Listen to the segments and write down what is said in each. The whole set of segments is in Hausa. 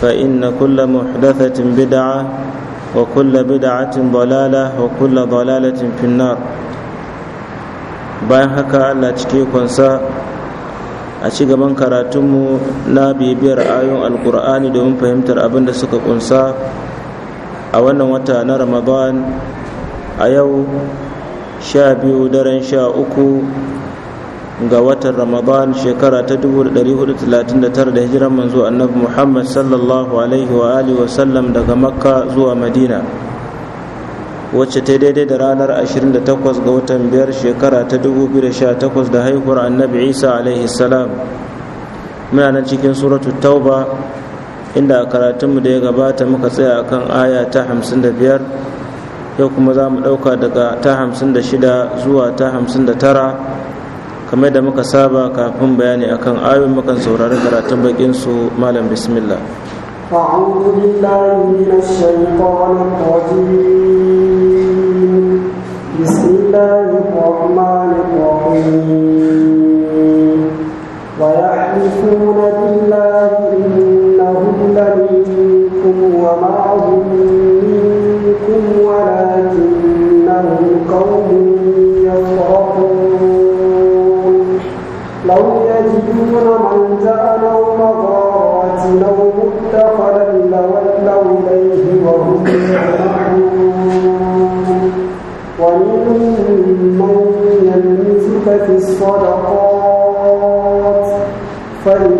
فإن كل محدثة بدعة وكل بدعة ضلالة وكل ضلالة في النار bayan haka Allah cike kunsa a ci gaban karatunmu na bibiyar ayon alkur'ani domin fahimtar abin da suka kunsa a wannan wata na ramadan a yau sha biyu daren sha uku ga watan ramadan shekara ta 439 da hijiran manzo annabi muhammad sallallahu alaihi wa alihi wa sallam daga makka zuwa madina wacce ta daidai da ranar 28 ga watan biyar shekara ta 2018 da haihuwar annabi isa alaihi salam muna nan cikin suratu tauba inda a karatunmu da ya gabata muka tsaya kan aya ta 55 yau kuma za mu ɗauka daga ta 56 zuwa ta 59 kamar da muka saba kafin bayani akan ayoyin mukan saurari karatun bakin su malam bismillah أعوذ بالله من الشيطان الرجيم بسم الله الرحمن الرحيم ويحلفون بالله إنهم لمنكم وما لو يجدون ملجأ أو مغارات أو لولوا إليه وهم يعلمون ومنهم من يلمزك في الصدقات فإن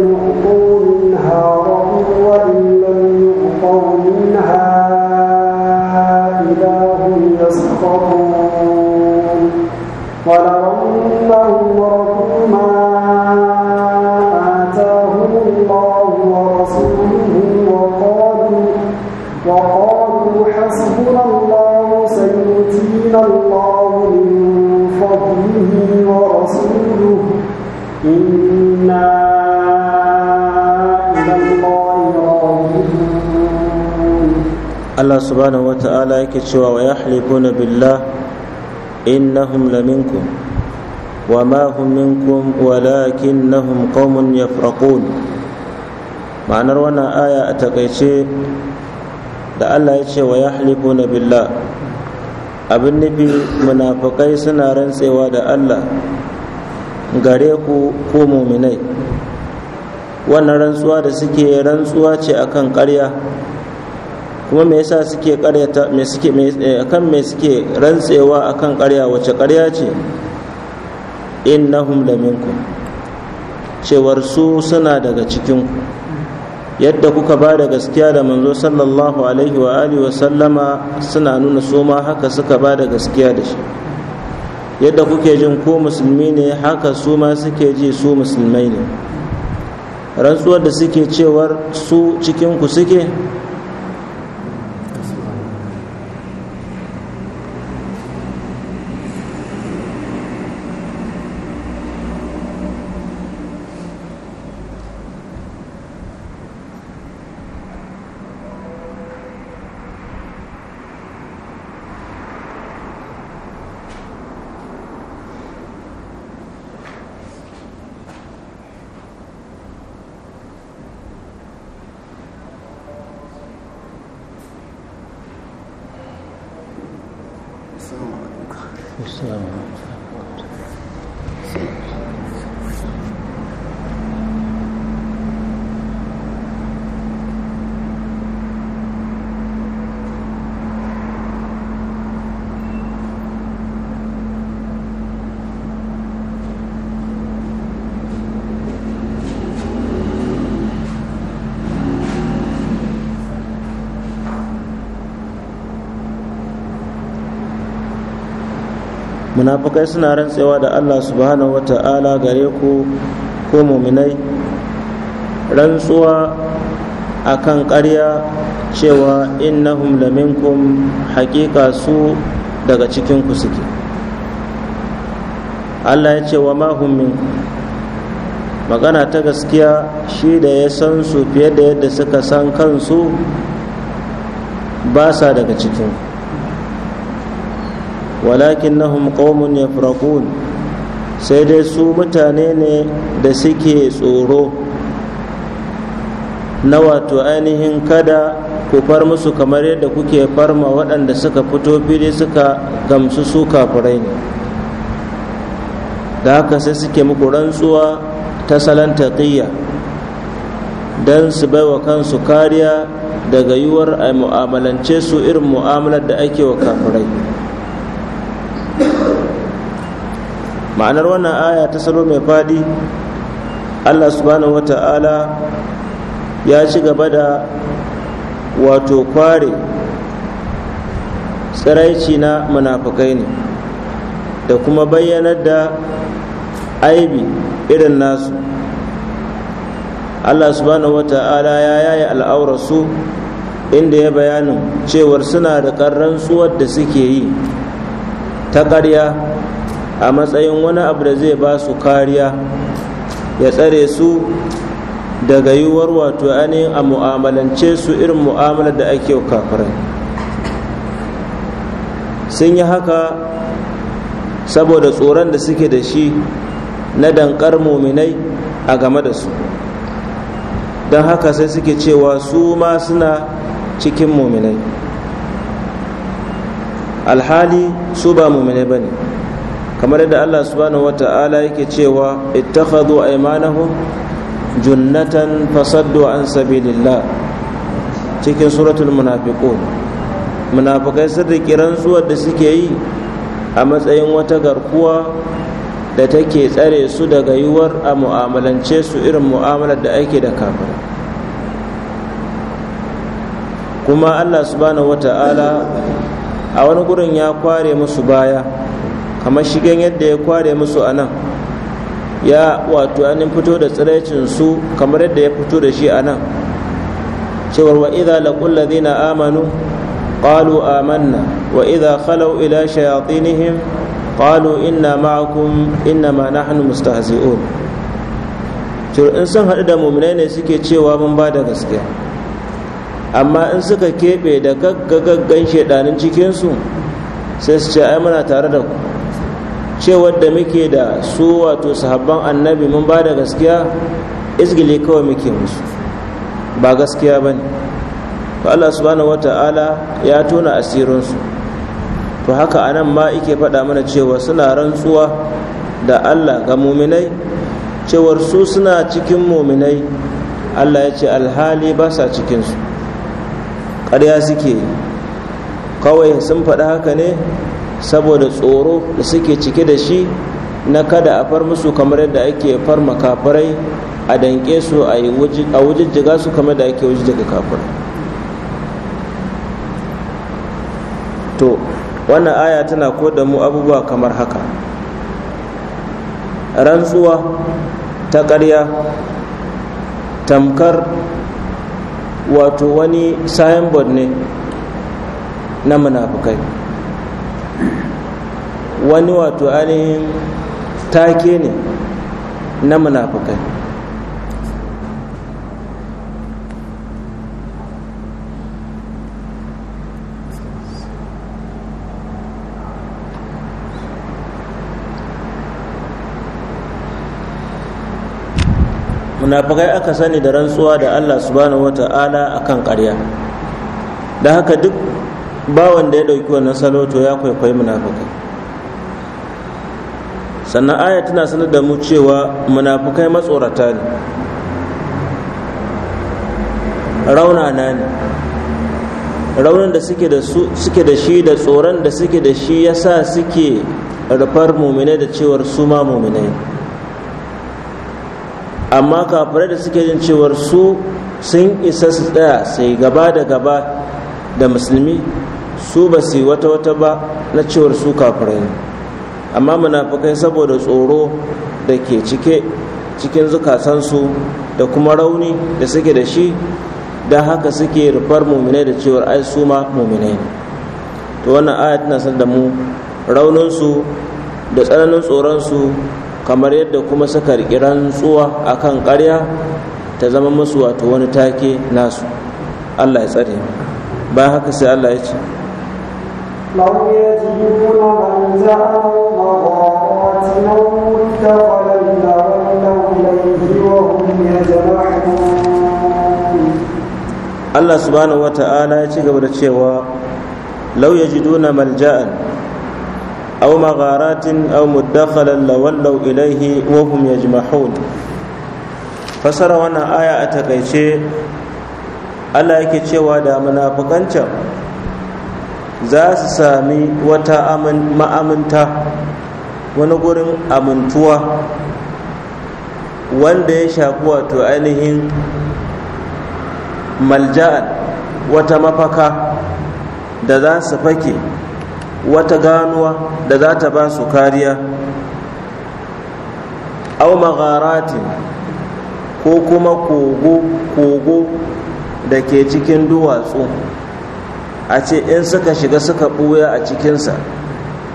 Allah subhanahu wa ta’ala yake cewa wa ya halifu na billah innahum la wa ma hum minkum na nahum qawmun ya ma'anar wannan aya a takaice da Allah ya ce wa ya halifu na billah abin nufi munafukai suna rantsewa da Allah gare ku ko muminai wannan rantsuwa da suke rantsuwa ce akan ƙarya kuma me yasa suke ƙaryata me suke eh, akan me suke rantsewa akan ƙarya wace ƙarya ce innahum minkum cewar su suna daga cikin ku yadda kuka ba da gaskiya da manzo sallallahu alaihi wa alihi wa sallama suna nuna su ma haka suka ba da gaskiya da shi yadda kuke jin ko musulmi ne haka su ma suke ji su musulmai ne rantsuwar da suke cewar su cikinku suke そう munafikai suna rantsewa da Allah subhanahu wata'ala gare ku ko muminai rantsuwa akan karya cewa innahum laminkum haƙiƙa su daga cikinku suke Allah ya ce wa mahum magana ta gaskiya shi da ya san su fiye da yadda suka san kansu ba sa daga cikinku Walakin na walakinnahum ya farakun sai dai su mutane ne da suke tsoro na wato ainihin kada ku far musu kamar yadda kuke farma waɗanda suka fito fili suka gamsu su kafirai ne da haka sai suke muku rantsuwa ta salon taƙiyya don su baiwa kansu kariya daga yiwuwar a mu'amalance su irin mu'amalar da ake wa kafirai ma'anar wannan aya ta salo mai faɗi allah subhanahu wata'ala ya ci gaba da wato kware tsiraici na munafukai ne da kuma bayyanar da aibi irin nasu allah subhanahu wata'ala ya yaye al'aurarsu inda ya bayanin cewar suna da ƙarrantsuwar da suke yi ta ƙarya a matsayin wani abu da zai ba su kariya ya tsare su daga yiwuwar wato ainihin a mu'amalance su irin mu'amalar da ake kafirai sun yi haka saboda tsoron da suke da shi na dankar muminai a game da su don haka sai suke cewa su ma suna cikin muminai alhali su ba muminai ba ne kamar yadda Allah subhanahu wata'ala yake cewa ittakhadhu aymanahum junnatan fasaddu an sabilillah cikin suratul munafiqun munafikai sun riƙi rantsuwar da suke yi a matsayin wata garkuwa da take tsare su daga yiwuwar a mu'amalance su irin mu'amalar da ake da kafin kuma Allah subhanahu wata'ala a wani gurin ya kware musu baya kamar shigen yadda ya kware musu a nan ya wato an fito da tsiraicin su kamar yadda ya fito da shi a nan cewar wa idha laqul ladina amanu qalu amanna wa idha khalau ila shayatinihim qalu inna ma'akum ma nahnu mustahzi'un to in sun hadu da muminai ne suke cewa mun ba da gaskiya amma in suka keɓe da gaggagaggan cikin su sai su ce ai muna tare da ku cewar da muke da su wato sahabban annabi mun ba da gaskiya izgili kawai muke musu ba gaskiya ba ne Allah subhanahu wata'ala ya tona asirinsu to haka anan ma ike faɗa mana cewa suna rantsuwa da Allah ga muminai cewar su suna cikin muminai Allah ya ce alhali ba sa cikinsu ƙarya suke kawai sun faɗi haka ne saboda tsoro da suke cike da shi na kada a far musu kamar yadda ake far makafarai a danƙe su a wujijjiga su kamar da ake wujijjiga kafir to wannan aya tana ko da mu abubuwa kamar haka rantsuwa ta ƙarya tamkar wato wani signboard ne na munafukai wani wato ainihin take ne na munafukai munafukai aka sani da rantsuwa da allah subhanahu wata'ala akan karya da haka duk ba wanda ya ɗauki wannan salo to ya kwaikwayi munafukai sannan aya tana sanar da mu cewa munafukai matsorata ne raunana ne raunin da suke da su suke da shi da tsoron da suke da shi yasa suke rufar muminai da cewar su ma muminai amma kafirai da suke jin cewar su sun isa su tsaya sai gaba da gaba da musulmi su ba su wata wata ba na cewar su kafirai amma munafukai saboda tsoro da ke cike cikin zukasansu da kuma rauni da suke da shi da haka suke rufar muminai da cewar ai su ma muminai ne to wannan aya tana san da mu rauninsu da tsananin tsoron su kamar yadda kuma suka riƙi rantsuwa akan karya ta zama musu wato wani take nasu allah ya tsare ba haka sai allah ya ce Allah subhanahu wata'ala ya ci gaba da cewa lau yajiduna malja'an aw magharatin aw muddakhalan lawallaw ilaihi wa hum yajma'un fasara wannan aya a takaice Allah yake cewa da munafikan can za su sami wata ma'aminta wani gurin amintuwa wanda ya shafi wato ainihin malja'an wata mafaka da za su fake wata ganuwa da za ta ba su kariya au magharatin ko kuma kogo da ke cikin duwatsu a ce in suka shiga suka buya a cikinsa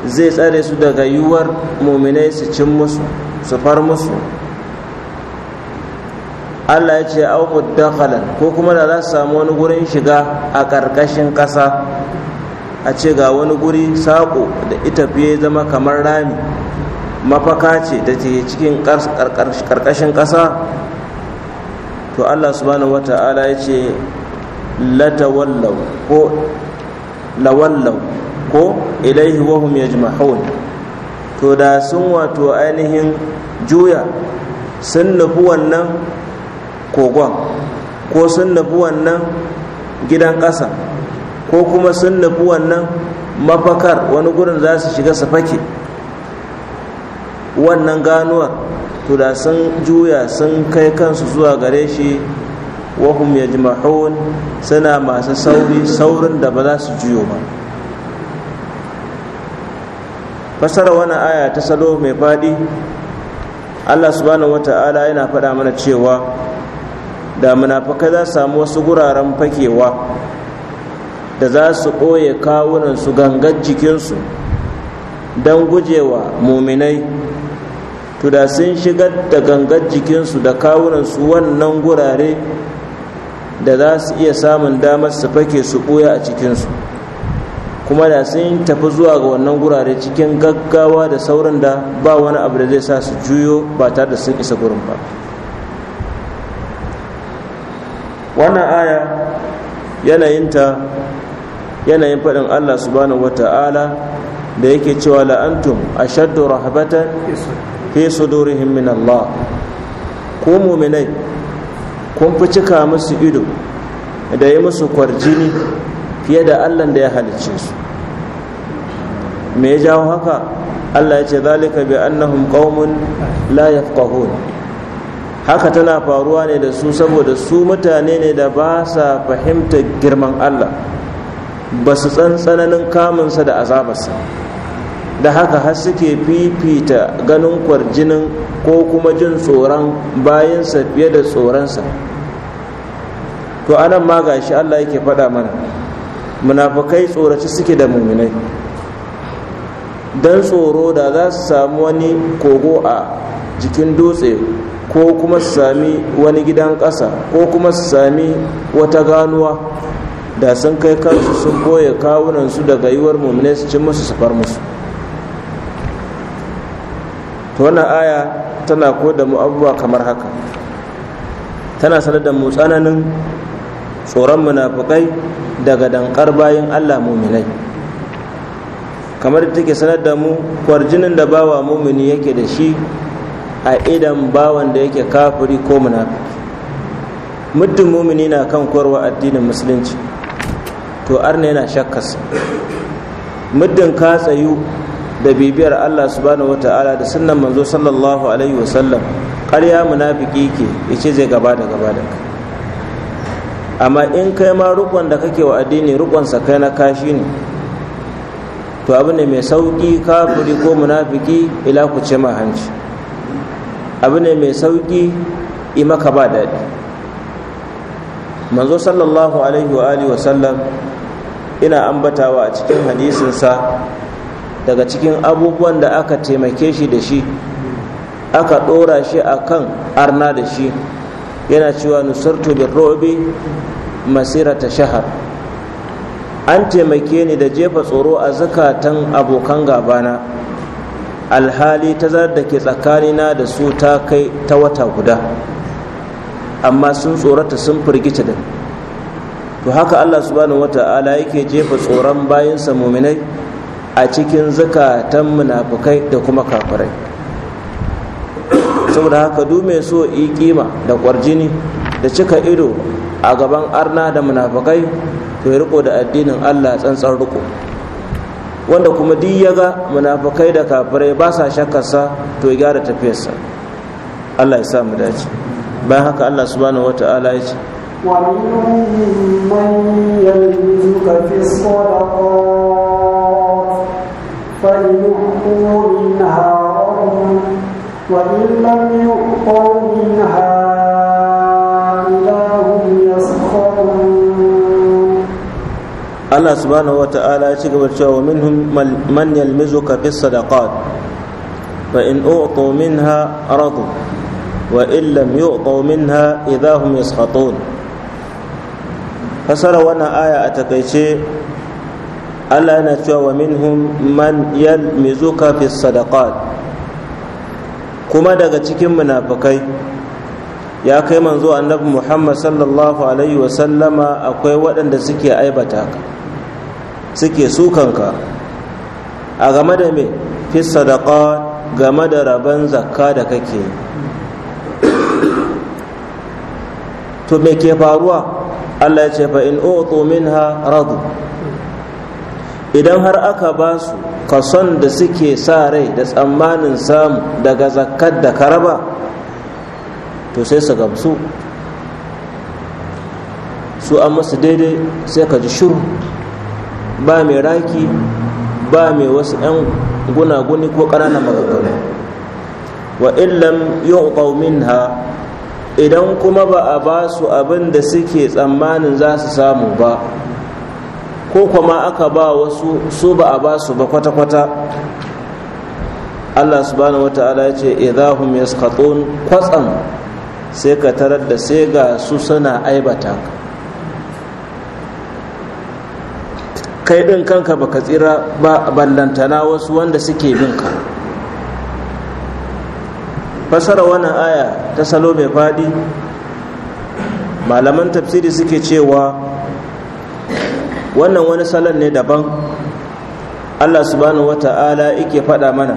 zai tsare su daga yiwuwar muminai su cin musu su far musu allah ya ce au ko kuma da za su samu wani gurin shiga a ƙarƙashin ƙasa a ce ga wani guri saƙo da ita fiye zama kamar rami mafaka ce da ke cikin ƙarƙashin ƙasa to allah subhanahu ta'ala ya ce lata ko Lawallau ko ilaihi wahum yajma'un to da sun wato ainihin juya sun nufi wannan kogon ko sun nufi wannan gidan ƙasa ko kuma sun nufi wannan mafakar wani gurin za su shiga su wannan ganuwar to da sun juya sun kai kansu zuwa gare shi wahum yajma'un suna masu sauri saurin da ba za su juyo ba fasara wani aya ta salo mai faɗi allah subhanahu ala yana faɗa mana cewa da munafakai za su samu wasu guraren fakewa da za su ɓoye kawunansu gangar jikinsu don gujewa muminai to da sun shigar da gangar jikinsu da kawunansu wannan gurare da za su iya samun damar su fake su ɓoya a cikinsu kuma da sun tafi zuwa ga wannan gurare cikin gaggawa da sauran da ba wani abu da zai sa su juyo ba tare da sun isa gurin ba wannan aya yanayinta yanayin faɗin allah subhanahu wata'ala da yake cewa la'antum shaddu rahabatan fi sudurihim min allah ko muminai kun fi cika musu ido da yi musu kwarjini fiye da allan da ya halicce su me ya jawo haka allah ya ce zalika bi annahum qaumun la yafqahun haka tana faruwa ne da su saboda su mutane ne da ba sa fahimtar girman allah ba su tsananin kamunsa da azabarsa da haka har suke fifita ganin kwarjinin ko kuma jin tsoron bayansa fiye da tsoronsa to anan ma gashi Allah yake faɗa mana munafukai tsoraci suke da muminai don tsoro da za su samu wani kogo a jikin dutse ko kuma su sami wani gidan ƙasa ko kuma su sami wata ganuwa da sun kai kansu sun boye kawunansu daga yiwuwar muminai su ci musu su far musu Ta wannan aya tana ko da mu abubuwa kamar haka tana sanar da mu tsananin tsoron munafukai daga dankar bayan allah muminai kamar da take sanar da mu kwarjinin da bawa mumini yake da shi a idan bawan da yake kafuri ko munafiki muddin mumini na kan korwa addinin musulunci to arna yana shakkas muddin ka tsayu da bibiyar Allah subhanahu wata'ala da sunnan manzo sallallahu alaihi wasallam ƙarya munafiki ke yace zai gaba da gaba da amma in kai ma rukun da kake wa addini rukun sa kai na kashi ne to abu ne mai sauki kafiri ko munafiki ila ku ce ma hanci abu ne mai sauki i maka ba daɗi manzo sallallahu alaihi wa alihi wa sallam ina ambatawa a cikin hadisinsa daga cikin abubuwan da aka taimake shi da shi aka ɗora shi a kan arna da shi yana cewa nusartu bin robi masirata shahar an taimake ni da jefa tsoro a zukatan abokan gabana alhali ta da ke tsakanina da su ta kai ta wata guda amma sun tsorata sun firgita da to haka allah subhanahu wata'ala yake jefa tsoron bayansa muminai a cikin zakatan munafukai da kuma kafirai saboda haka du mai so yi kima da kwarjini da cika ido a gaban arna da munafukai to ya riko da addinin allah tsantsan riko wanda kuma duk ya ga munafukai da kafirai ba sa sa to ya gyara tafiyarsa Allah ya sa mu dace bayan haka Allah subhanahu wata'ala ya ce wa minhum man yalzuka fi sadaqat فليؤتوا منها ربهم وإن لم يؤتوا منها إذا هم يسخطون الله سبحانه وتعالى يتقبل شو ومنهم من يلمزك في الصدقات فإن أعطوا منها رضوا وإن لم يعطوا منها إذا هم يسخطون فسألوا أنا آية أتقيتي Allah yana cewa wa minhum man yalmizuka fi sadaqat kuma daga cikin munafikai ya kai manzo annabi Muhammad sallallahu alaihi wa sallama akwai waɗanda suke aibata ka suke sukanka a game da me fi sadaqat game da rabon zakka da kake to me ke faruwa Allah ya ce fa in utu minha radu idan har aka ba su kason da suke sa rai da tsammanin samu daga zakat da karaba to sai su gamsu su an masu daidai sai ka ji shuru ba mai raki ba mai wasu 'yan gunaguni ko ƙananan magagano wa illam yuqaw ha, idan kuma ba a ba su abin da suke tsammanin za su samu ba ko kuma aka ba wasu su ba a ba su ba kwata-kwata Allah subhanahu wata'ala ya ce idahum yaskhatun kwatsam sai ka tarar da sai ga su suna aibata kai ɗin kanka baka tsira ba ballantana wasu wanda suke bin ka fasara wannan aya ta salo mai faɗi malaman tafsiri suke cewa wannan wani salon ne daban allah subhanahu wata'ala yake faɗa mana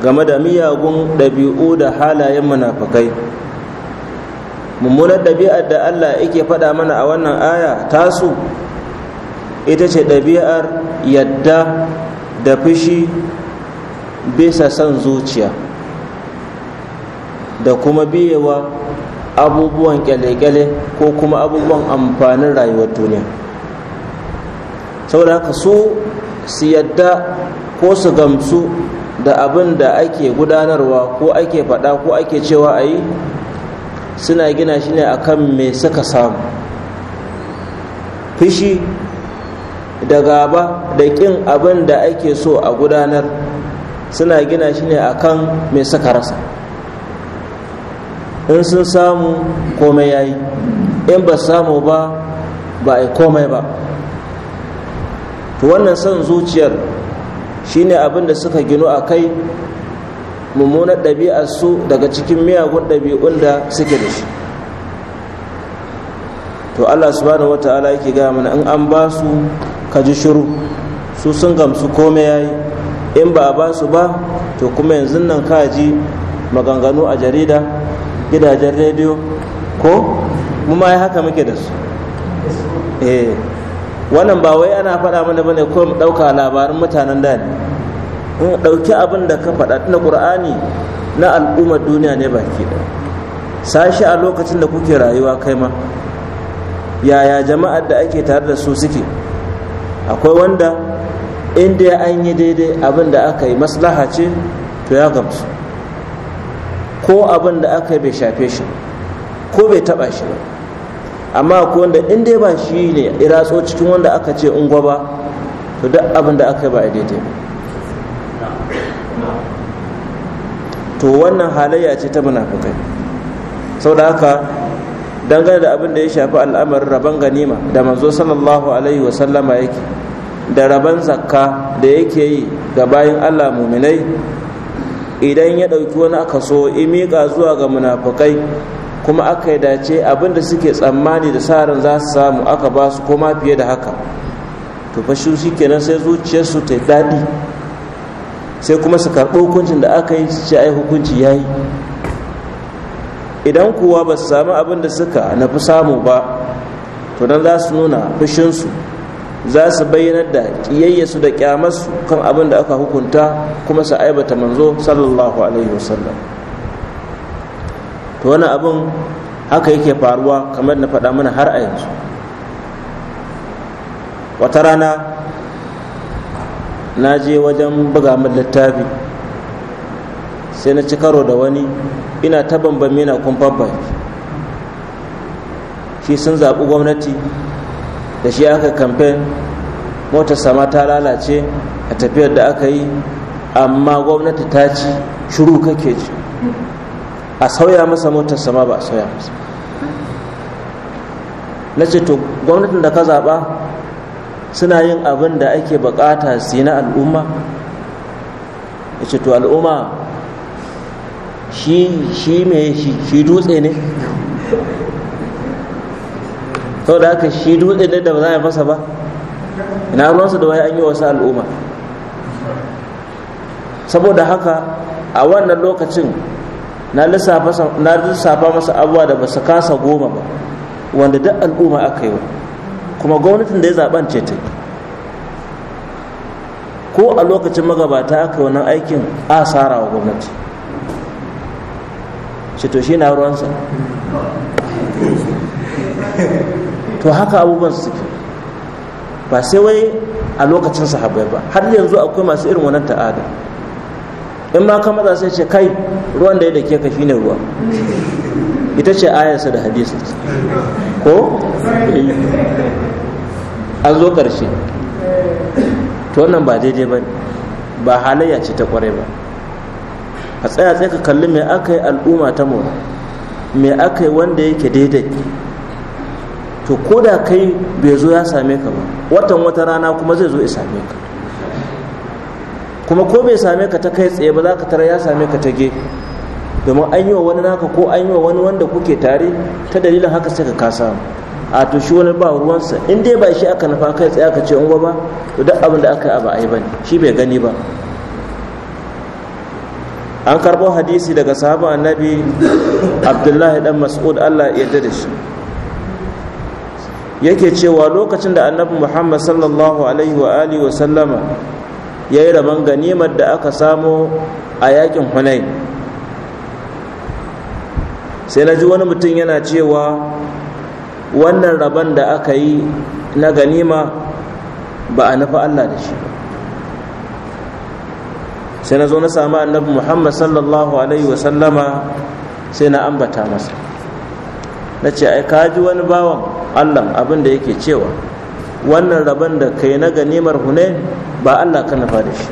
game da miyagun ɗabi'u da halayen munafukai mummunar ɗabi'ar da allah yake faɗa mana a wannan aya tasu ita ce ɗabi'ar yadda da fushi bisa son zuciya da kuma biyewa abubuwan kyale-kyale ko kuma abubuwan amfanin rayuwar duniya saboda haka su su yadda ko su gamsu da abin da ake gudanarwa ko ake faɗa ko ake cewa a yi suna gina shi ne akan me suka samu fishi da gaba da ƙin abin da ake so a gudanar suna gina shi ne akan mai suka rasa in sun samu komai ya yi in ba samu ba ba a komai ba to wannan son zuciyar shine abin da suka gino a kai mummunar ɗabi'ar su daga cikin miyagun ɗabi'un da suke da shi to allah subhanahu wata'ala yake gaya mana in an ba su ka ji shiru su sun gamsu komai yayi in ba a ba su ba to kuma yanzu nan ka ji maganganu a jarida gidajen rediyo ko mu ma yi haka muke da su eh. wannan ba wai ana faɗa mana bane ko mu ɗauka labarin mutanen da ne in ɗauki abin da ka faɗa na ƙur'ani na al'ummar duniya ne baki ɗaya sashi a lokacin da kuke rayuwa kai ma yaya jama'ar da ake tare da su suke akwai wanda inda an yi daidai abin da aka yi maslaha ce to ya gamsu ko abin da aka yi bai shafe shi ko bai taɓa shi ba amma ko wanda in dai ba shi ne iratso cikin wanda aka ce in gwaba to duk abin da aka yi ba a daidai to wannan halayya ce ta munafukai sau da haka dangane da abin da ya shafi al'amarin rabon ganima da manzo sallallahu alaihi wasallama yake da rabon zakka da yake yi ga bayan allah muminai idan ya ɗauki wani aka so miƙa zuwa ga munafukai kuma aka yi dace da suke tsammani da tsarin za su samu aka ba su koma fiye da haka to fa shi kenan sai zuciyarsu ta daɗi sai kuma su karɓi hukuncin da aka yi su ce ai hukunci ya yi idan kuwa ba su samu abin da suka nafi samu ba to nan za su nuna fushinsu za su bayyanar da ƙiyayyasu da ƙyamarsu kan abin da aka hukunta kuma su aibata manzo sallallahu alaihi wasallam to wani abin haka yake faruwa kamar na faɗa mana har a yanzu wata rana na je wajen buga min littafi sai na ci karo da wani ina ta bambamme na kumfan baki shi sun zaɓi gwamnati da shi aka kamfen motar sama ta lalace a tafiyar da aka yi amma gwamnati ta ci shiru kake ji a sauya masa motar sama ba a sauya masa na ce to gwamnatin da ka zaɓa suna yin abin da ake bukata su yi na al'umma ya ce to al'umma shi mai shi dutse ne sau da haka shi dutse ne da ba za a yi masa ba ina ruwansa da wai an yi wasu al'umma saboda haka a wannan lokacin na lissafa masa abuwa da basu kasa goma ba wanda duk al'umma aka yi kuma gwamnatin da ya zaɓan ce ta ko a lokacin magabata aka yi wannan aikin a sara wa gwamnati shi to shi na ruwansa to haka abubuwan suke ba sai wai a lokacin sahabai ba har yanzu akwai masu irin wannan ta'ada in ma ka matsa sai ce kai ruwan da ya dake ka shine ruwa ita ce ayarsa da hadisu ko an zo ƙarshe to wannan ba daidai ba ba halayya ce ta kwarai ba a tsaya tsaye ka kalli me aka yi al'umma ta mu me aka yi wanda yake daidai to ko da kai bai zo ya same ka ba watan wata rana kuma zai zo ya same ka kuma ko bai same ka ta kai tsaye ba za ka tara ya same ka ta ge? domin an yi wa wani naka ko an yi wa wani wanda kuke tare ta dalilin haka sai ka kasa a to shi wani ba ruwansa in dai ba shi aka nafa kai tsaye aka ce in ba to duk abin da aka yi ba a ba shi bai gani ba an karɓo hadisi daga sahabin annabi abdullahi dan mas'ud allah ya yarda da shi yake cewa lokacin da annabi muhammad sallallahu alaihi wa alihi wa sallama ya yi rabon ganimar da aka samu a yakin hunain sai na ji wani mutum yana cewa wannan rabon da aka yi na ganima ba a nufi allah da shi ba sai na zo na sami annabi muhammad sallallahu alaihi wasallama sai na ambata masa na ce ai ka ji wani bawan allah abin da yake cewa wannan rabon da kai na ganimar hunain ba allah ka nufa da shi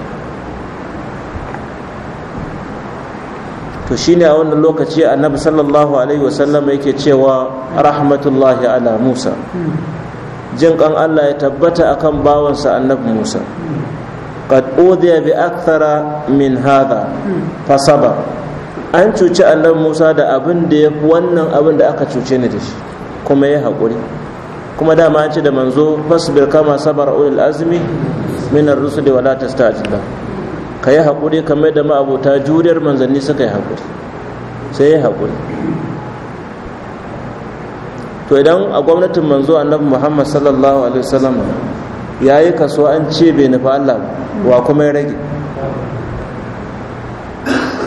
to shine a wannan lokaci annabi sallallahu alaihi wasallam yake cewa rahmatullahi ala musa jin kan allah ya tabbata a kan bawansa annabi musa qad udiya bi akthara min hadha fasaba an cuci annabi musa da abin da ya fi wannan abin da aka cuce ni da shi kuma ya haƙuri kuma dama ce da manzo fasbir kama sabar ulul azmi min ar-rusuli wa la tastajil ka yi kamar da ma'abota juriyar manzanni suka yi hakuri sai ya hakuri. to idan a gwamnatin manzo annabi muhammad sallallahu alaihi wasallam ya yi kaso an ce bai nufi allah wa kuma ya rage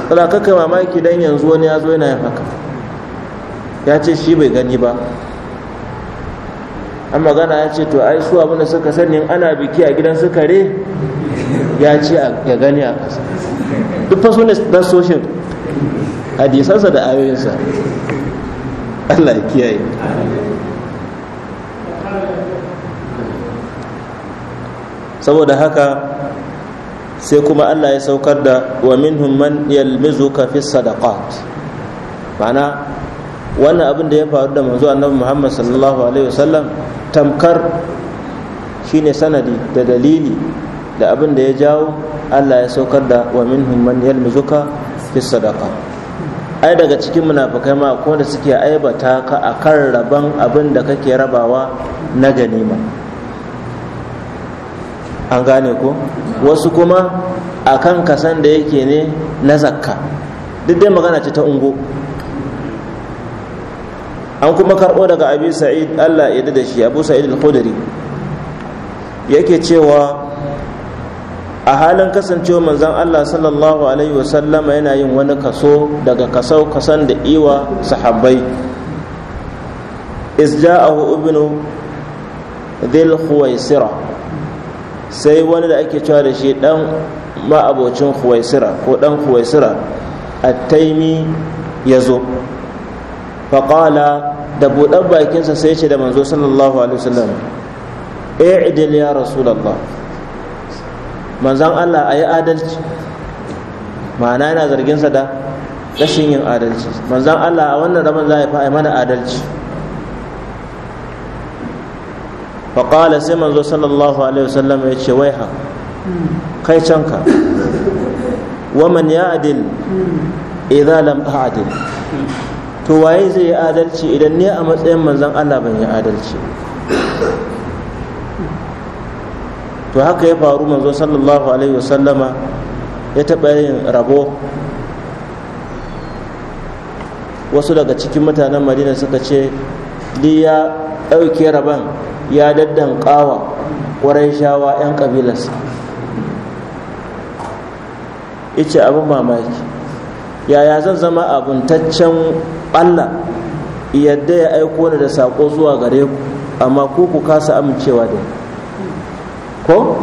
tsara kakai mamaki don yanzu wani ya zo yana yin haka ya ce shi bai gani ba an magana ya ce to ai su abin da suka sani ana biki a gidan su kare ya ce ya gani a ƙasa duk fa sune dan soshin hadisansa da ayoyinsa Allah ya kiyaye saboda haka sai kuma Allah ya saukar da wa minhum man yalmizuka fi sadaqat ma'ana wannan abin da ya faru da manzo annabi muhammad sallallahu alaihi wasallam tamkar shine sanadi da dalili da abin da ya jawo allah ya saukar da wa minhum man yalmizuka fi sadaqa ai daga cikin munafikai ma ko da suke aibata ka akan rabon abin da kake rabawa na ganima an gane ko wasu kuma akan kasan da yake ne na zakka duk dai magana ce ta ungo an kuma karɓo daga abi sa'id allah ya da shi abu sa'id al-khudri yake cewa a halin kasancewa manzon allah sallallahu alaihi wasallama yana yin wani kaso daga kasau kasan da iwa sahabbai isja'ahu ibnu dhil khuwaisira sai wani da ake cewa da shi dan ma'abocin khuwaisira ko dan khuwaisira at-taimi ya zo faƙala da buɗar bakinsa sai ce da manzo sallallahu alaihi wasallam i'dil ya rasulallah manzan Allah ayi adalci ma'ana yana zarginsa da rashin yin adalci manzan Allah a wannan rabon za a yi fa'a mana adalci faƙala sai manzo sallallahu alaihi wasallam ya ce wai haka kai canka waman ya adil idan lam a'adil to waye zai yi adalci idan ne a matsayin manzan Allah ban yi adalci to haka ya faru manzo sallallahu alaihi wasallama ya taɓa yin rabo wasu daga cikin mutanen madina suka ce li ya ɗauke rabon ya daddan ƙawa ƙwarai shawa 'yan ƙabilarsa ya ce abin mamaki yaya zan zama abuntaccen Allah yadda ya aiko ni da sako zuwa gare ku amma ku ku kasa amincewa da ko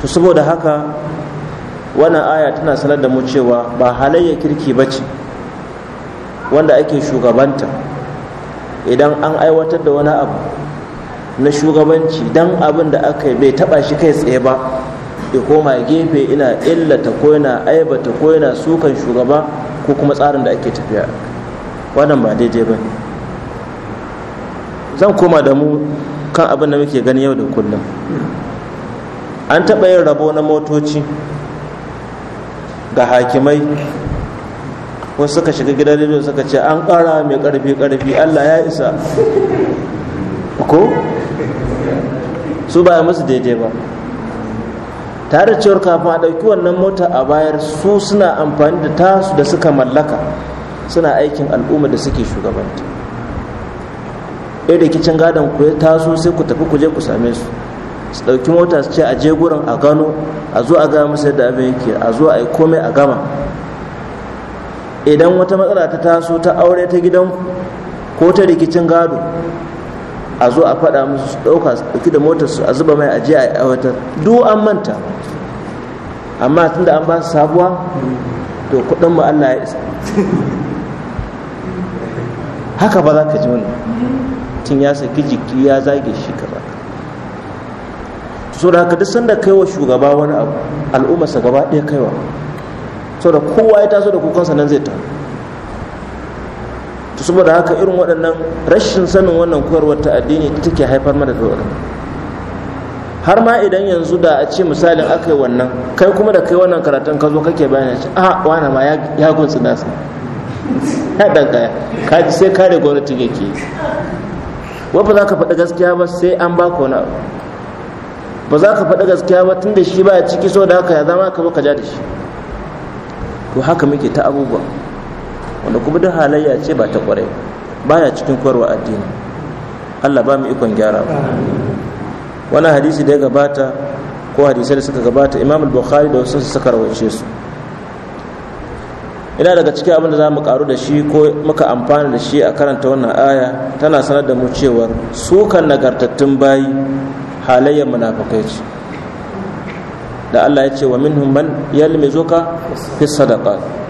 to saboda haka wannan aya tana sanar da mu cewa ba halayya kirki ba ce wanda ake shugabanta idan an aiwatar da wani abu na shugabanci don abin da aka yi bai taba shi kai tsaye ba ya koma gefe ina illata ko yana aibata ko yana sukan shugaba ko kuma tsarin da ake tafiya wannan ba daidai ba zan koma da mu kan abin da muke gani yau da kullum an taɓa yin rabo na motoci ga hakimai wasu suka shiga gidan rediyo suka ce an ƙara mai ƙarfi ƙarfi allah ya isa ko su ba musu daidai ba tare da cewar kafin a ɗauki wannan mota a bayar su suna amfani da tasu da suka mallaka suna aikin al'umma da suke shugabanta ɗaya da kicin gadon ku ya taso sai ku tafi ku je ku same su su ɗauki mota su ce a je gurin a gano a zo a gaya musu yadda abin yake a zo a yi komai a gama idan wata matsala ta taso ta aure ta gidanku ko ta rikicin gado a zo a faɗa musu su ɗauka su ɗauki da motar su a zuba mai ajiya a aiwatar duk an manta amma tunda an ba su sabuwa to kuɗin mu Allah ya isa haka ba za ka ji wani tun ya saki jiki ya zage shi ka ba da haka duk sanda kaiwa shugaba wani abu al'ummarsa gaba ɗaya kaiwa saboda kowa ya taso da kukansa nan zai tafi saboda haka irin waɗannan rashin sanin wannan koyarwar ta addini take haifar mana da wannan har ma idan yanzu da a ce misalin aka yi wannan kai kuma da kai wannan karatun ka zo kake bayani ce a ah, wani ma ya gunsu nasa ya dankaya ka ji sai kare gwamnatin yake wafa za ka faɗi gaskiya ba sai an ba ka wani ba za ka faɗi gaskiya ba tun da shi ba a ciki so da haka ya zama ka zo ka ja da shi to haka muke ta abubuwa wanda kuma da halayya ce ba ta kwarai baya cikin kwarwa addini Allah ba mu ikon gyara ba wani hadisi da ya gabata ko hadisai da suka gabata imam bukhari da wasu suka rawaice su ina daga cikin abin da za mu karu da shi ko muka amfana da shi a karanta wannan aya tana sanar da mu cewar sukan nagartattun bayi halayyar munafukai ce da Allah ya ce wa minhum man yalmizuka fi sadaqat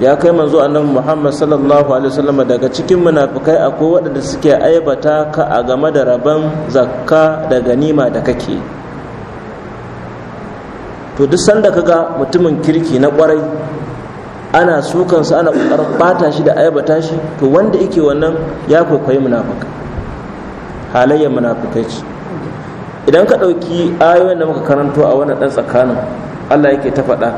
ya kai manzo annabi Muhammad sallallahu alaihi wasallam daga cikin munafikai akwai waɗanda suke aibata ka a game da rabon zakka da ganima da kake to duk sanda kaga mutumin kirki na kwarai ana sukan sukansa ana kokarin bata shi da aibata shi to wanda yake wannan ya kwaikwayi munafika halayyar munafikai ce idan ka ɗauki ayoyin da muka karanto a wannan ɗan tsakanin Allah yake ta faɗa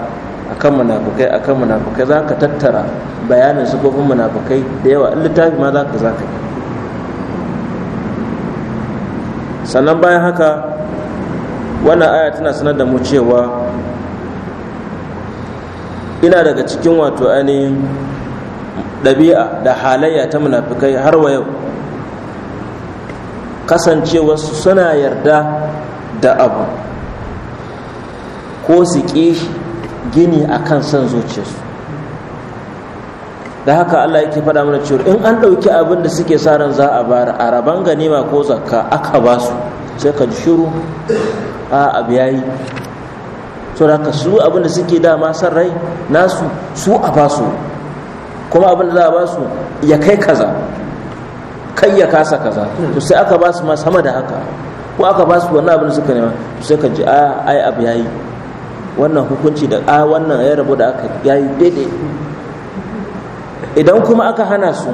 akan munafukai akan munafukai za ka tattara bayanin sufofin munafukai da yawa in littafi ma za ka za sannan bayan haka wannan aya tana sanar da mu cewa ina daga cikin wato ainihin ɗabi'a da halayya ta munafukai har wa yau kasancewarsu suna yarda da abu ko su ƙi shi gini akan son zuciyarsu da haka Allah yake faɗa mana cewa in an ɗauki abin da suke sa ran za a bayar a raban ganima ko zakka aka ba su sai ka shiru a abu yayi to da haka su abin da suke dama san rai nasu su a ba su kuma abin da za a ba su ya kai kaza kai ya kasa kaza to sai aka ba su ma sama da haka ko aka ba su wannan abin da suka nema sai ka ji a ai abu yayi wannan hukunci da a wannan ya rabu da aka yayi daidai idan kuma aka hana su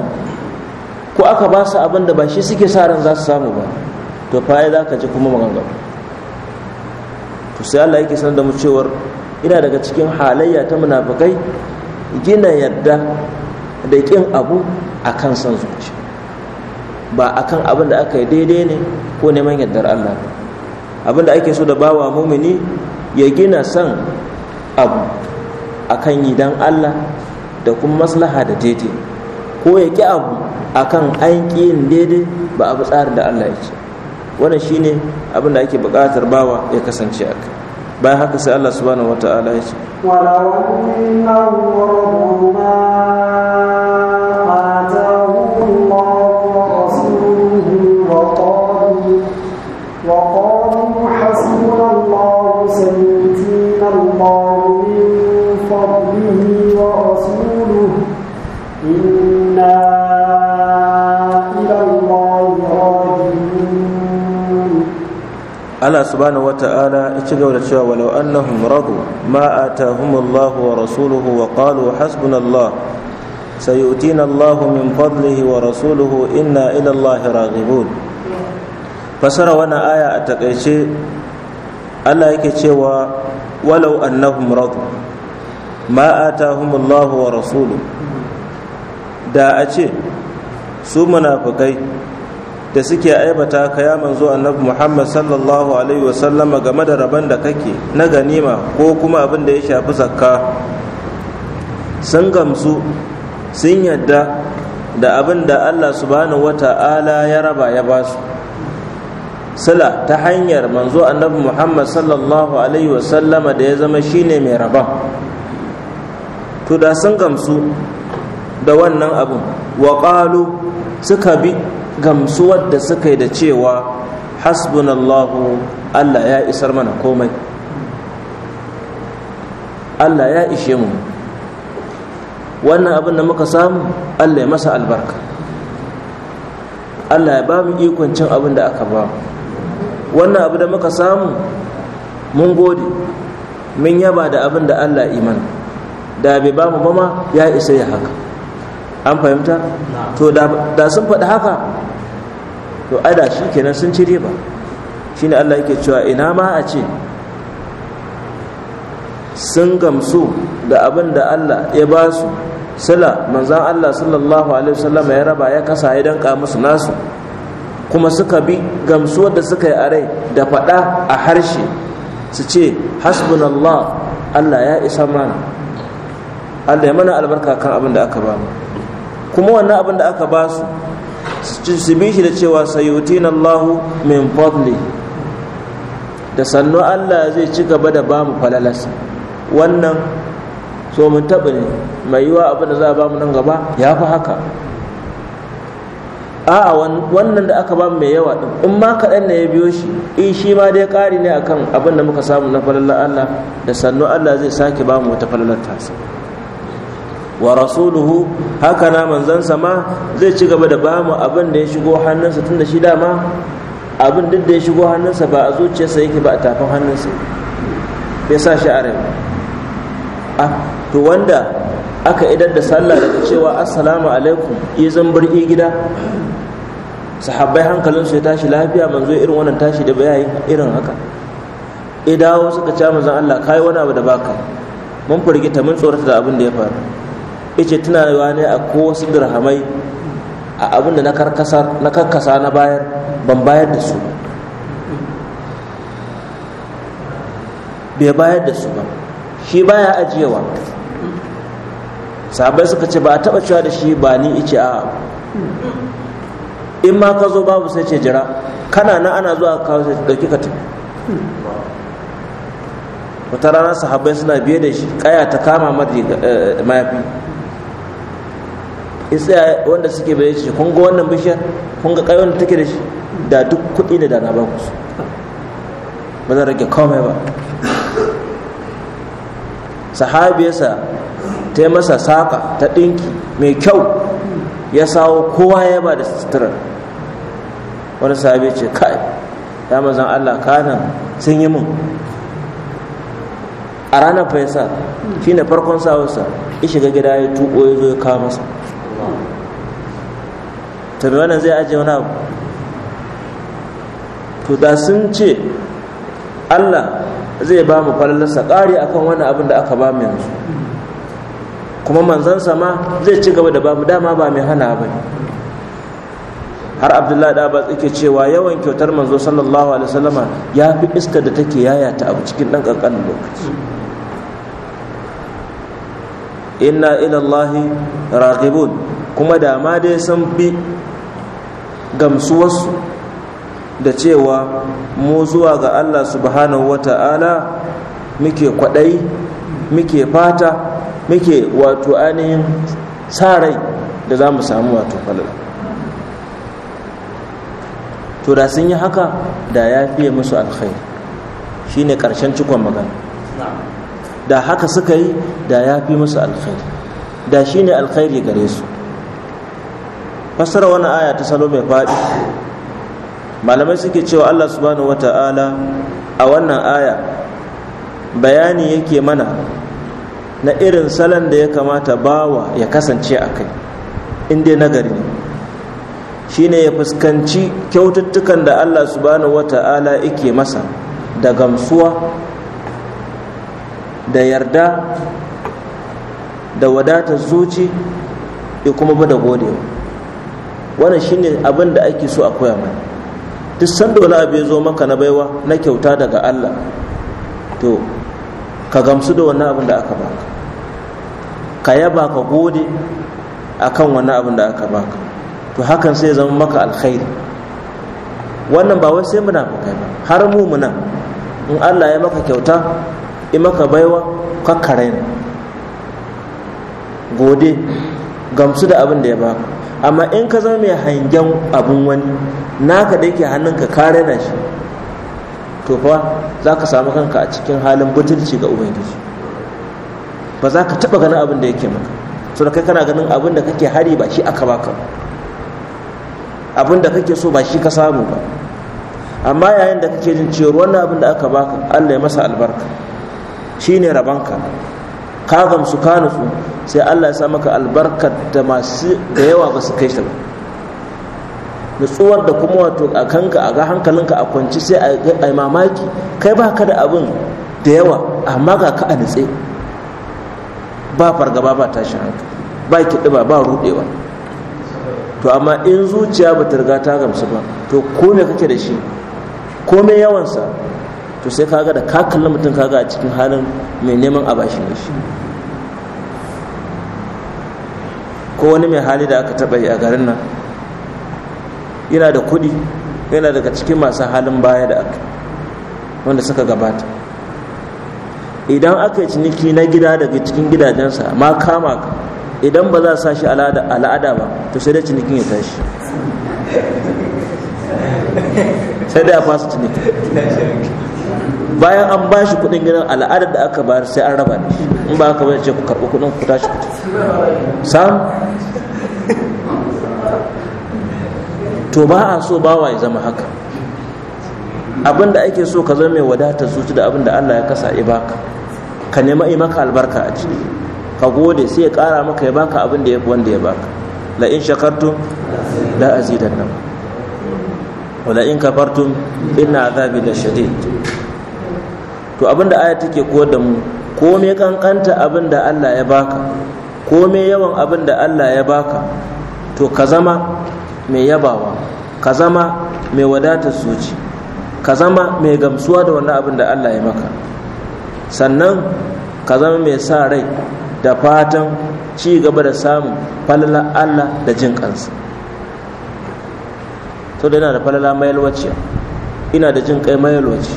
ko aka ba su abin da ba shi suke sa ran za su samu ba to fa za ka ji kuma maganganu to sai Allah yake sanar da mu cewar ina daga cikin halayya ta munafikai gina yadda da kin abu akan san zuci ba akan abin da aka yi daidai ne ko neman yardar Allah abin da ake so da bawa mumini ya gina son abu akan yi dan Allah da kuma maslaha da daidai ko ya ƙi abu a kan ainihin yin daidai ba abu tsarin da Allah ya ce wannan shine abin da ake buƙatar bawa ya kasance a kai bayan haka sai Allah subhanahu wataala ya ce الله من فضله ورسوله إنا إلى الله راجعون Allah subhanahu wa ta'ala ci gaba da cewa walau annahum radu ma atahumullahu wa rasuluhu wa qalu hasbunallah sayutinallahu min fadlihi wa rasuluhu inna ila allahi raghibun fasara wannan aya a takaice Allah yake cewa walau annahum radu ma Allah wa rasulu da a ce su munafukai da suke aibata ka ya manzo annabi Muhammad sallallahu alaihi sallama game da rabon da kake na ganima ko kuma abin da ya shafi zakka sun gamsu sun yadda da abin da Allah subhanahu wata'ala ya raba ya basu sila ta hanyar manzo annabi muhammad sallallahu alaihi wasallama da ya zama shine mai rabon to da sun gamsu da wannan abin wa ƙalu suka bi gamsuwar da suka yi da cewa hasbunallahu allah ya isar mana komai allah ya ishe mu wannan abin da muka samu allah ya masa albarka allah ya ba mu ikon cin abin da aka ba mu wannan abu da muka samu mun gode mun yaba da abin da Allah iman da bai ba mu bama ya isa ya haka an fahimta to da sun faɗi haka to ada shi kenan sun ci riba ne Allah yake cewa ina ma a ce sun gamsu da abin da Allah ya ba su sila manzan Allah sallallahu alaihi wasallam ya raba ya kasa ya danka musu nasu kuma suka bi gamsuwar da suka yi a rai da faɗa a harshe su ce hasbunallah Allah ya isa mana Allah ya mana albarka kan abin da aka ba mu kuma wannan abin da aka ba su su bi shi da cewa sayyutina Allahu min fadli da sannu Allah zai ci gaba da ba mu falalasa wannan so mun taɓa ne mai yiwa abin da za a ba mu nan gaba ya fi haka a'a wannan da aka ba mai yawa din in ma kaɗan ne ya biyo shi in eh, shi ma dai ƙari ne akan abin da muka samu na falalar Allah da sannu Allah zai sake ba mu wata falalar tasa wa rasuluhu haka na manzansa ma zai ci gaba da ba mu abin da ya shigo hannunsa tun da shi dama abin duk da ya shigo hannunsa ba a zuciyarsa yake ba a tafin hannunsa bai sa shi a rai a ah, to wanda aka idar da sallah daga cewa assalamu alaikum ya birki gida sahabbai hankalinsu ya tashi lafiya manzo irin wannan tashi da bayayin irin haka idawo suka ci manzon Allah kai wani abu da baka mun firgita mun tsorata da abin da ya faru yace tunawa ne a ko wasu dirhamai a abin da na karkasa na bayar ban bayar da su bai bayar da su ba shi baya ajiyewa sahabbai suka ce ba a taba cewa da shi ba ni ice a in ma ka zo babu sai ce jira kana na ana zuwa kawo sai dauki ka tafi wata rana sahabbai suna biye da shi kaya ta kama eh, mayafi isa wanda suke bai ce kun ga wannan bishiyar kun ga kayon da take da shi da duk kuɗi ne da na baku su ba zan rage komai ba sahabiyarsa ta yi masa saƙa ta ɗinki mai kyau ya sawo kowa ya ba da suturar wani sahabi ce kai ya mazan Allah kanan sun yi min a ranar fa shi ne farkon sawarsa ya shiga gida ya tuko ya zo ya kawo masa ta mai wannan zai ajiye wani abu to da sun ce Allah zai ba mu falalarsa ƙari akan wani abin da aka ba mu yanzu kuma manzansa ma zai ci gaba da ba mu dama ba mai hana ba ne har abdullahi da ba yake cewa yawan kyautar manzo sallallahu alaihi wasallama ya fi iska da take yayata abu cikin dan kankanin lokaci inna ila allahi raghibun kuma da ma dai san bi gamsuwarsu da cewa mu zuwa ga Allah subhanahu wata'ala muke kwadai muke fata muke wato ainihin sa rai da za samu wato falala to da sun yi haka da ya fiye musu alkhairi shine karshen cikon magana da haka suka yi da ya fi musu alkhairi da shine alkhairi gare su fassara wani aya ta salo mai faɗi malamai suke cewa allah subhanahu wata'ala a wannan aya bayani yake mana na irin salon da ya kamata bawa ya kasance a kai inda nagari ne shine ya fuskanci kyaututtukan da Allah subhanahu ta'ala yake masa da gamsuwa da yarda da wadatar zuci ya kuma ba da godewa wannan shine abin da ake so a koya mana duk sanda wani abu ya zo maka na baiwa na kyauta daga Allah to ka gamsu da wannan abin da aka baka ka yaba ka gode akan wannan abin da aka baka to hakan sai zama maka alkhairi wannan ba wai sai muna kai ba har mu muna in Allah ya maka kyauta in maka baiwa kare ne gode gamsu da abin da ya baka amma in ka zama mai hangen abin wani naka da yake hannunka ka na shi to fa za ka samu kanka a cikin halin butulci ga ubangiji ba za ka taɓa ganin abin da yake maka so da kai kana ganin abin da kake hari ba shi aka baka ba abin da kake so ba shi ka samu ba amma yayin da kake jin cewa wannan abin da aka baka Allah ya masa albarka shine rabanka ka gamsu ka nufu sai Allah ya sa maka albarka da masu da yawa ba su kai shi ba nutsuwar da kuma wato a kanka a ga hankalinka a kwanci sai a mamaki kai ba ka da abin da yawa amma ga ka a nutse ba fargaba ba tashi hankali ba kiɗiba ba ruɗewa to amma in zuciya ba ta riga ta gamsu ba to ko me kake da shi ko me yawansa to sai kaga da ka kalli mutum kaga a cikin halin mai neman a bashi ne shi ko wani mai hali da aka taba yi a garin nan yana da kuɗi yana daga cikin masu halin baya da aka wanda suka gabata idan aka yi ciniki na gida daga cikin gidajensa ma kama ka idan ba za a sashi al'ada ba to sai dai cinikin ya tashi sai dai a fasa ciniki bayan an ba shi kudin gidan al'adar da aka bayar sai an raba ne in ba aka bayar ce ku karɓi kudin ku tashi ku sam to ba a so wa ya zama haka abin da ake so ka zama mai wadatar zuci da abin da Allah ya kasa ibaka ka nema imaka albarka a ciki ka gode sai ya kara maka ya baka abin da ya wanda ya baka la in shakartum la azidannakum wa la in kafartum inna azabi lashadid to abin da aya take koyar da mu komai kankanta da Allah ya baka komai yawan abin da Allah ya baka to ka zama mai yabawa ka zama mai wadatar zuci ka zama mai gamsuwa da wannan abin da Allah ya maka sannan ka zama mai sa rai da fatan ci gaba da samun falala Allah da jin kansa to da yana da falala mayalwaciya ina da jin kai mayalwaci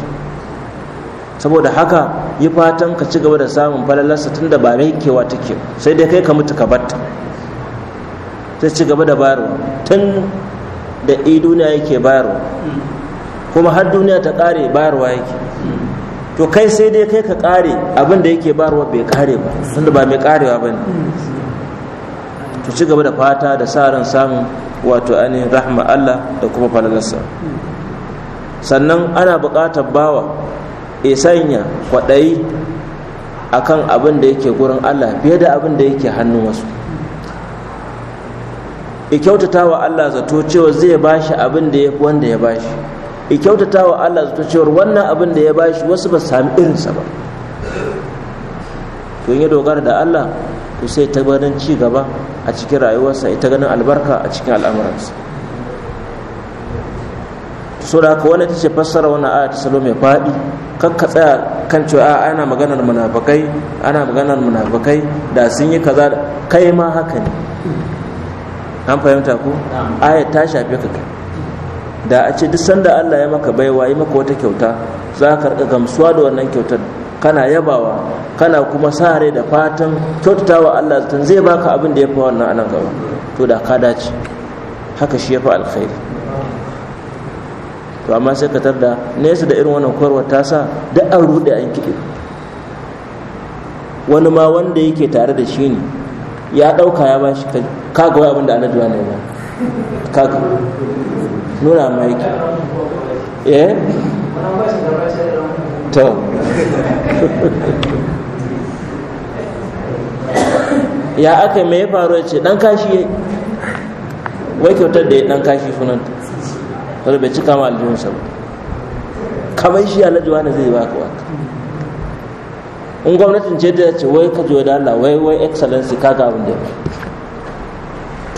saboda haka yi fatan ka ci gaba da samun falalarsa tun da ba mai kewa take sai dai kai ka mutu ka batta sai ci gaba da bayarwa tun da i duniya yake bayarwa kuma har duniya ta ƙare bayarwa yake to kai sai dai kai ka kare abin da yake barwa bai kare ba tunda ba mai karewa ba ne to ci gaba da fata da sa ran samun wato ainihin rahma Allah da kuma falalarsa sannan ana buƙatar bawa ya sanya kwaɗayi akan abin da yake gurin Allah fiye da abin da yake hannu wasu a kyautata wa Allah zato cewa zai bashi abin da ya wanda ya bashi ya kyautata wa Allah zuwa cewar wannan abin da ya bashi wasu ba sami irinsa ba to ya dogara da Allah to sai ta ganin ci gaba a cikin rayuwarsa ita ganin albarka a cikin al'amuransa so da haka ta ce fassara wani a ta salo mai faɗi kan ka tsaya kan cewa ana maganar munafakai ana maganar munafakai da sun yi kaza kai ma haka ne an fahimta ko aya ta shafe ka kai da a ce duk sanda Allah ya maka baiwa yi maka wata kyauta za ka rika gamsuwa da wannan kyautar kana yabawa kana kuma sa rai da fatan Kyautata wa Allah tun zai baka abin da ya fi wannan anan gaba to da ka dace haka shi ya fi alkhairi to amma sai ka tarda nesa da irin wannan koyarwa ta sa da an rude an kiɗe wani ma wanda yake tare da shi ne ya ɗauka ya ba shi kaga wai abin da annabi ne ba kaga nuna mai eh to ya aka mai faru ya ce dan kashi ya wai kyautar da ya dan kashi sunan ta bai cika ma aljihunsa ba kamar shi ya alhaji wani zai baka waka in gwamnatin ce da ce wai ka da Allah wai wai excellency ka ga abin da ya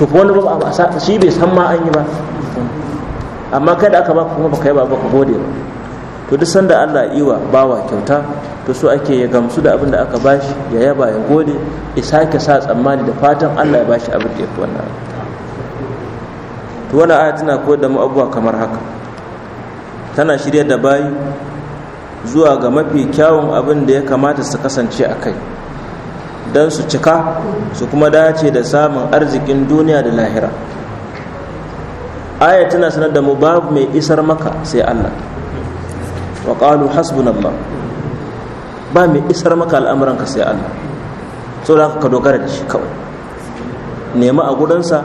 to wani ba a shi bai san ma an yi ba amma kai da aka baka kuma baka yi ba baka gode ba to duk sanda Allah yi wa bawa kyauta to so ake ya gamsu da abin da aka bashi ya yaba ya gode ya sake sa tsammani da fatan Allah ya bashi abin da ya fi wannan to wannan aya tana koyar da mu abubuwa kamar haka tana shirya da bayi zuwa ga mafi kyawun abin da ya kamata su kasance a kai don su cika su kuma dace da samun arzikin duniya da lahira aya tana sanar da mu babu mai isar maka sai Allah wa qalu hasbunallah ba mai isar maka ka sai Allah so da ka dogara da shi kawai nema a gudansa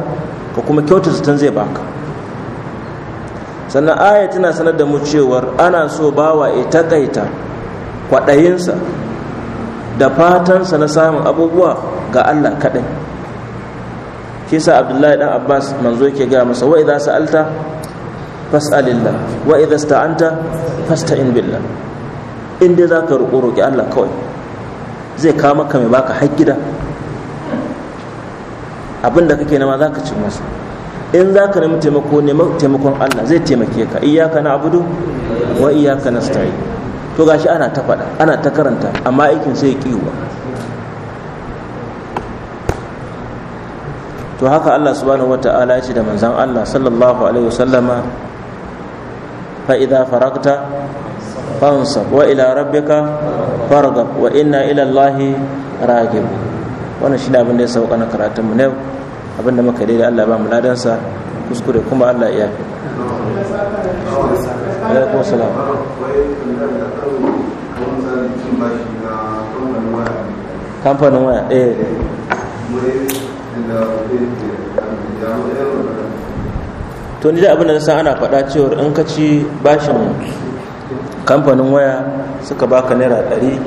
ka kuma kyauta zaton zai baka sannan aya tana sanar da mu cewar ana so bawa ya takaita kwaɗayinsa da fatansa na samun abubuwa ga Allah kaɗai shi sa abdullahi dan abbas manzo yake gaya masa wa idza sa'alta fas'alillah wa idza sta'anta fasta'in billah in dai zaka roƙo roƙi Allah kawai zai ka maka mai baka har gida abin da kake nema zaka ci masa in zaka nemi taimako ne taimakon Allah zai taimake ka iyyaka na'budu wa iyyaka nasta'in to gashi ana ta faɗa ana ta karanta amma aikin sai ya kiwa to haka Allah subhanahu wata'ala ya ce da manzon Allah sallallahu alaihi wasallama fa idza faragta fansa wa ila rabbika farga wa inna ila Allahi ragib wannan ne abin da ya sauka na karatun mu ne abin da muka da Allah ba mu sa kuskure kuma Allah ya yafi salam kamfanin waya eh to ni da abin da na san ana faɗa cewar in ka ci bashin kamfanin waya suka baka naira ɗari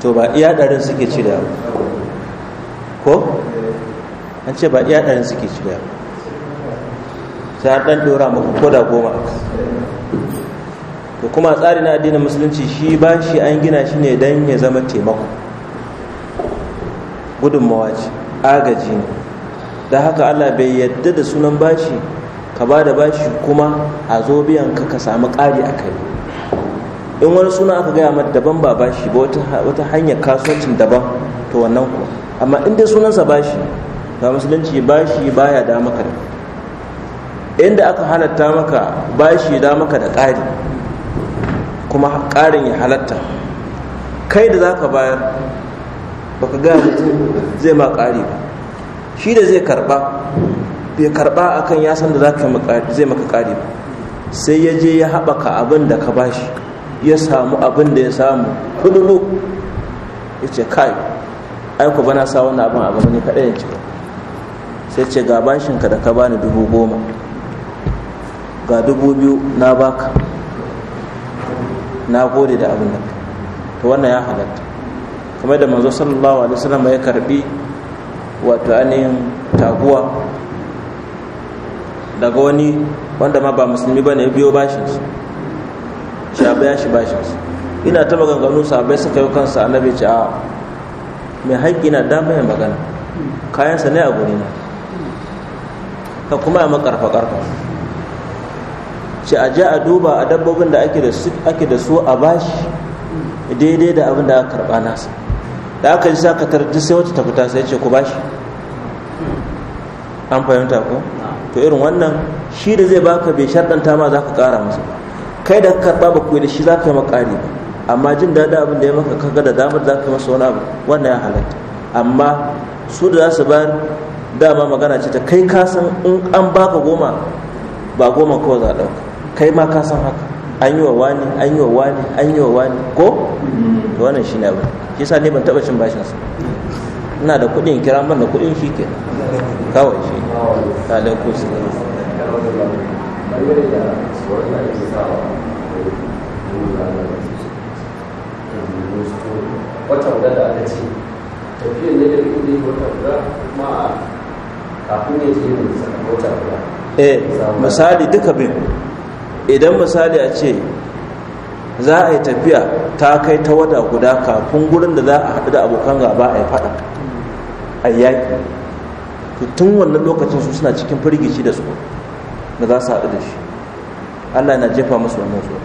to ba iya ɗarin suke ci da ko an ce ba iya ɗarin suke ci da sai an ɗan ɗora maka ko da goma to kuma tsari na addinin musulunci shi bashi an gina shi ne don ya zama taimako gudunmawa ce agaji ne da haka allah bai yadda da sunan bashi ka ba da bashi kuma a zo biyan ka ka samu ƙari a kai in wani suna aka gaya mata daban ba bashi ba wata hanyar kasuwancin daban to wannan ku amma in dai sunansa bashi ga musulunci bashi baya da maka da inda aka halatta maka bashi da maka da ƙari kuma ƙarin ya halatta kai da za ka bayar baka gaya mutum zai ma ƙari ba shi da zai karɓa bai karɓa akan ya san da zai maka ƙari ba sai ya je ya haɓaka abin da ka bashi ya samu abin da ya samu kululu ya ce kai aiko bana sa wannan abin abin ne kaɗai ya ce sai ce ga bashinka da ka bani dubu goma ga dubu biyu na baka na gode da abin da to wannan ya halatta kuma da manzo sallallahu alaihi wasallam ya karbi wato anin taguwa daga wani wanda ma ba musulmi bane ya biyo bashin shi ya biya shi bashin ina ta maganganu sahabbai suka yi kansa annabi ce a mai haƙƙi na dama ya magana kayansa ne a guri na ka kuma ya makarfa karfa ce a ja a duba a dabbobin da ake da su a bashi daidai da abin da aka karɓa nasa da aka ji sakatar duk sai wata ta fita sai ce ku bashi an fahimta ko to irin wannan shi da zai baka bai sharɗanta ma za ka ƙara masa kai da ka karɓa ba ku da shi za ka yi makari ba amma jin daɗi abin da ya maka kaga da damar za ka yi masa wani abu wannan ya halatta amma su da za su bar dama magana ce ta kai ka san in an baka goma ba goma kawai za a ɗauka kai ma ka san haka an yi wa wani an yi wa wani an yi wa wani ko to wannan shi na shi yasa ne ban taɓa cin bashin su ina da kuɗin kira man da kuɗin shi ke kawai shi alaikum salam wata guda da aka ce tafiyar ne da inda wata guda kuma kafin ya je ne wata guda eh misali duka bin idan misali a ce za a yi tafiya ta kai ta wada guda kafin gurin da za a haɗu da abokan gaba a yi faɗa a yaƙi tun wannan lokacin su suna cikin firgici da su da za su haɗu da shi allah na jefa musu wannan tsoro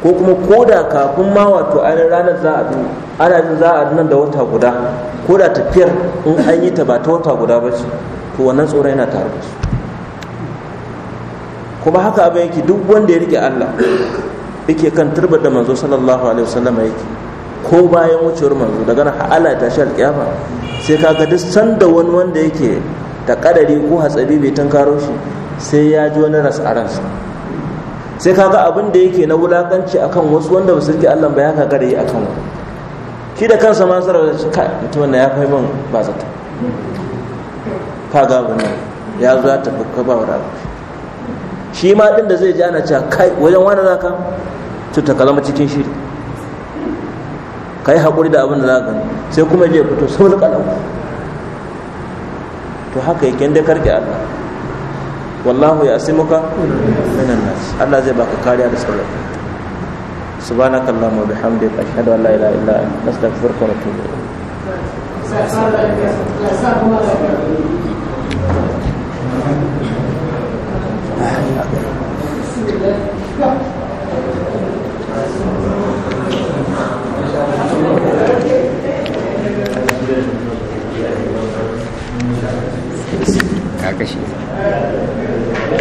ko kuma ko da kafin ma wato ainihin ranar za a bi ana jin za a nan da wata guda ko da tafiyar in an yi ta ba ta wata guda ba ce to wannan tsoron yana tare da su kuma haka abin yake duk wanda ya rike allah yake kan turbar da manzo sallallahu alaihi wasallam yake ko bayan wucewar manzo daga nan ha'ala ta shi alƙiyama sai kaga duk sanda wani wanda yake da kadari ko hatsari bai tunkaro shi sai ya ji wani ras a ransa sai kaga abin da yake na wulakanci akan wasu wanda ba su rike Allah ba ya kaga da yi akan wani shi da kansa ma sarar shi kai mutumin na ya kai min ba zata kaga abin nan ya zo ya tafi ka ba wa shi ma din da zai ji ana cewa kai wajen wani zaka cuta ka zama cikin shiri ka yi haƙuri da abin da za gani sai kuma je fito sau da ƙalau to haka yake inda karki Allah wallahu ya asimuka minan nas Allah zai baka kariya da tsaro subhanaka allahumma wa bihamdika ashhadu an la ilaha illa anta astaghfiruka wa atubu ka kashe